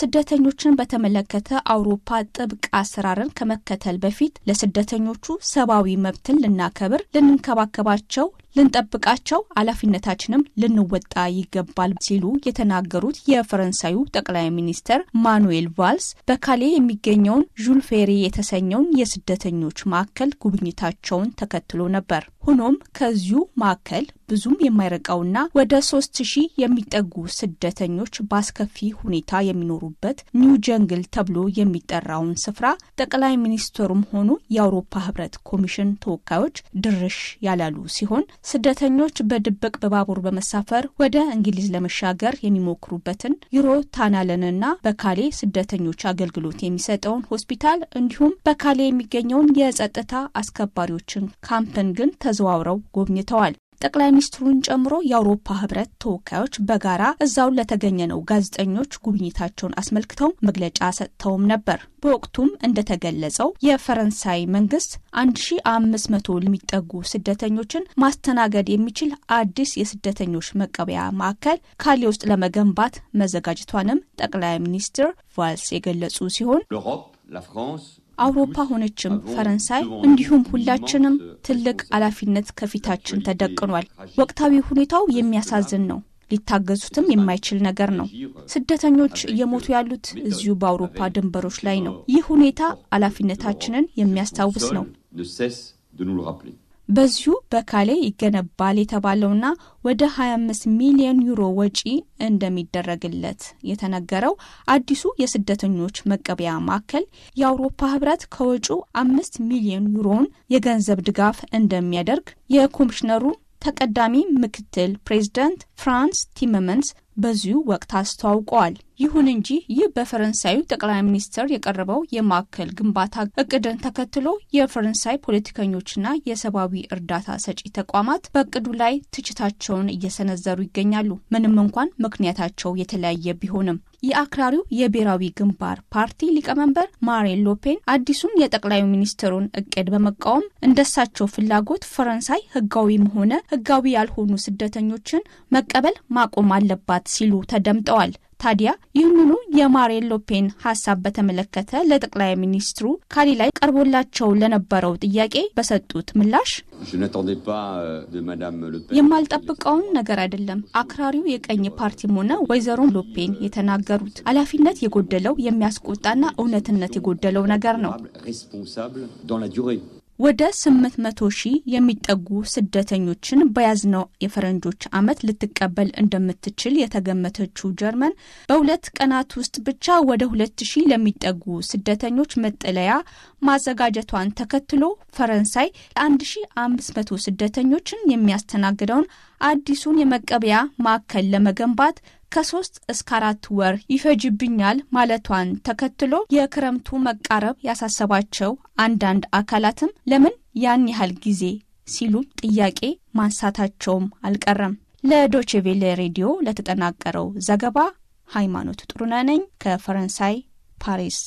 ስደተኞችን በተመለከተ አውሮፓ ጥብቅ አሰራርን ከመከተል በፊት ለስደተኞቹ ሰብአዊ መብትን ልናከብር፣ ልንንከባከባቸው ልንጠብቃቸው ኃላፊነታችንም ልንወጣ ይገባል ሲሉ የተናገሩት የፈረንሳዩ ጠቅላይ ሚኒስትር ማኑኤል ቫልስ በካሌ የሚገኘውን ዡል ፌሪ የተሰኘውን የስደተኞች ማዕከል ጉብኝታቸውን ተከትሎ ነበር። ሆኖም ከዚሁ ማዕከል ብዙም የማይርቀውና ወደ ሶስት ሺህ የሚጠጉ ስደተኞች በአስከፊ ሁኔታ የሚኖሩበት ኒው ጀንግል ተብሎ የሚጠራውን ስፍራ ጠቅላይ ሚኒስትሩም ሆኑ የአውሮፓ ህብረት ኮሚሽን ተወካዮች ድርሽ ያላሉ ሲሆን ስደተኞች በድብቅ በባቡር በመሳፈር ወደ እንግሊዝ ለመሻገር የሚሞክሩበትን ዩሮ ታናለንና በካሌ ስደተኞች አገልግሎት የሚሰጠውን ሆስፒታል እንዲሁም በካሌ የሚገኘውን የጸጥታ አስከባሪዎችን ካምፕን ግን ተዘዋውረው ጎብኝተዋል። ጠቅላይ ሚኒስትሩን ጨምሮ የአውሮፓ ህብረት ተወካዮች በጋራ እዛውን ለተገኘነው ጋዜጠኞች ጉብኝታቸውን አስመልክተው መግለጫ ሰጥተውም ነበር። በወቅቱም እንደተገለጸው የፈረንሳይ መንግስት 1500 ለሚጠጉ ስደተኞችን ማስተናገድ የሚችል አዲስ የስደተኞች መቀበያ ማዕከል ካሌ ውስጥ ለመገንባት መዘጋጀቷንም ጠቅላይ ሚኒስትር ቫልስ የገለጹ ሲሆን አውሮፓ ሆነችም ፈረንሳይ እንዲሁም ሁላችንም ትልቅ ኃላፊነት ከፊታችን ተደቅኗል። ወቅታዊ ሁኔታው የሚያሳዝን ነው። ሊታገዙትም የማይችል ነገር ነው። ስደተኞች እየሞቱ ያሉት እዚሁ በአውሮፓ ድንበሮች ላይ ነው። ይህ ሁኔታ ኃላፊነታችንን የሚያስታውስ ነው። በዚሁ በካሌ ይገነባል የተባለውና ወደ 25 ሚሊዮን ዩሮ ወጪ እንደሚደረግለት የተነገረው አዲሱ የስደተኞች መቀበያ ማዕከል የአውሮፓ ህብረት ከወጪው አምስት ሚሊዮን ዩሮውን የገንዘብ ድጋፍ እንደሚያደርግ የኮሚሽነሩ ተቀዳሚ ምክትል ፕሬዚደንት ፍራንስ ቲመመንስ በዚሁ ወቅት አስተዋውቀዋል። ይሁን እንጂ ይህ በፈረንሳዩ ጠቅላይ ሚኒስትር የቀረበው የማዕከል ግንባታ እቅድን ተከትሎ የፈረንሳይ ፖለቲከኞችና የሰብአዊ እርዳታ ሰጪ ተቋማት በእቅዱ ላይ ትችታቸውን እየሰነዘሩ ይገኛሉ። ምንም እንኳን ምክንያታቸው የተለያየ ቢሆንም የአክራሪው የብሔራዊ ግንባር ፓርቲ ሊቀመንበር ማሪን ሎፔን አዲሱን የጠቅላይ ሚኒስትሩን እቅድ በመቃወም እንደሳቸው ፍላጎት ፈረንሳይ ህጋዊም ሆነ ህጋዊ ያልሆኑ ስደተኞችን መቀበል ማቆም አለባት ሲሉ ተደምጠዋል። ታዲያ ይህንኑ የማሪን ሎፔን ሀሳብ በተመለከተ ለጠቅላይ ሚኒስትሩ ካሊ ላይ ቀርቦላቸው ለነበረው ጥያቄ በሰጡት ምላሽ euh, የማልጠብቀውን ነገር አይደለም አክራሪው የቀኝ ፓርቲም ሆነ ወይዘሮ ሎፔን የተናገሩት ኃላፊነት የጎደለው የሚያስቆጣና እውነትነት የጎደለው ነገር ነው። ወደ 800 ሺህ የሚጠጉ ስደተኞችን በያዝነው የፈረንጆች ዓመት ልትቀበል እንደምትችል የተገመተችው ጀርመን በሁለት ቀናት ውስጥ ብቻ ወደ ሺህ ለሚጠጉ ስደተኞች መጠለያ ማዘጋጀቷን ተከትሎ ፈረንሳይ ለ1500 ስደተኞችን የሚያስተናግደውን አዲሱን የመቀበያ ማዕከል ለመገንባት ከሶስት እስከ አራት ወር ይፈጅብኛል ማለቷን ተከትሎ የክረምቱ መቃረብ ያሳሰባቸው አንዳንድ አካላትም ለምን ያን ያህል ጊዜ ሲሉ ጥያቄ ማንሳታቸውም አልቀረም። ለዶችቬሌ ሬዲዮ ለተጠናቀረው ዘገባ ሃይማኖት ጥሩነህ ነኝ ከፈረንሳይ ፓሪስ